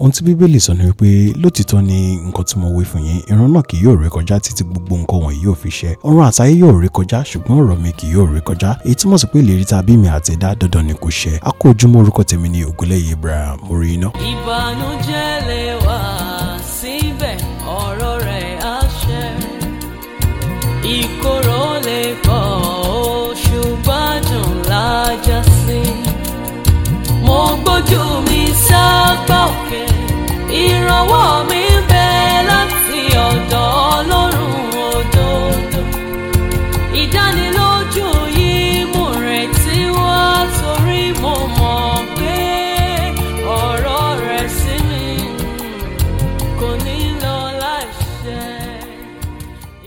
ohun tí bíbélì sọ ni wípé lótìtọ́ ni nǹkan tí mo wí fún yín ìran náà kì yóò ré kọjá títí gbogbo nǹkan wọ̀nyí yóò fi ṣẹ ọ̀run àtayé yóò ré kọjá ṣùgbọ́n ọ̀rọ̀ mi kì yóò ré kọjá èyí túmọ̀ sí pé ìlérí tá a bí mi àti ẹ̀dá dandan ni kò ṣẹ a kó ojúmọ́ orúkọ tèmi ní ògúnlẹ̀yẹ Ibrahim orí iná. ìbànújẹ́ lè wà síbẹ̀ ọ̀rọ̀ rẹ̀ á ṣẹ ìkorò lè pọ̀ ó ṣùgbọ́n no yo